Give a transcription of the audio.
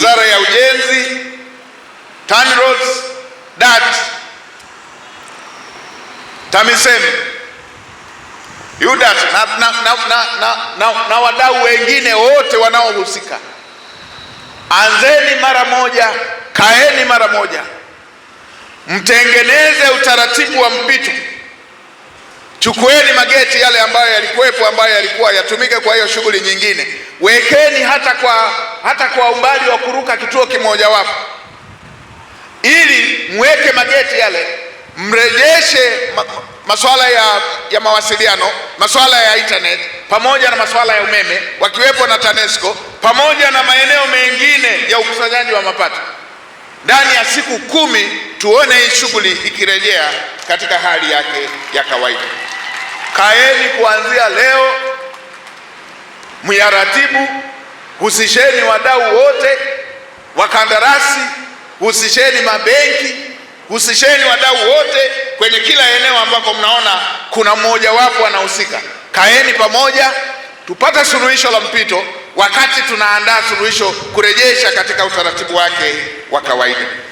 wizara ya ujenzi, TANROADS, DART, TAMISEMI, UDART na, na, na, na, na, na, na wadau wengine wote wanaohusika, anzeni mara moja, kaeni mara moja, mtengeneze utaratibu wa mpito. Chukueni mageti yale ambayo yalikuwepo, ambayo yalikuwa yatumike kwa hiyo shughuli nyingine, wekeni hata kwa hata kwa umbali wa kuruka kituo kimojawapo, ili mweke mageti yale, mrejeshe ma masuala ya, ya mawasiliano, masuala ya internet pamoja na masuala ya umeme, wakiwepo na TANESCO pamoja na maeneo mengine ya ukusanyaji wa mapato. Ndani ya siku kumi tuone hii shughuli ikirejea katika hali yake ya kawaida. Kaeni kuanzia leo, myaratibu husisheni wadau wote, wakandarasi, husisheni mabenki, husisheni wadau wote kwenye kila eneo ambako mnaona kuna mmojawapo anahusika. Kaeni pamoja tupate suluhisho la mpito, wakati tunaandaa suluhisho kurejesha katika utaratibu wake wa kawaida.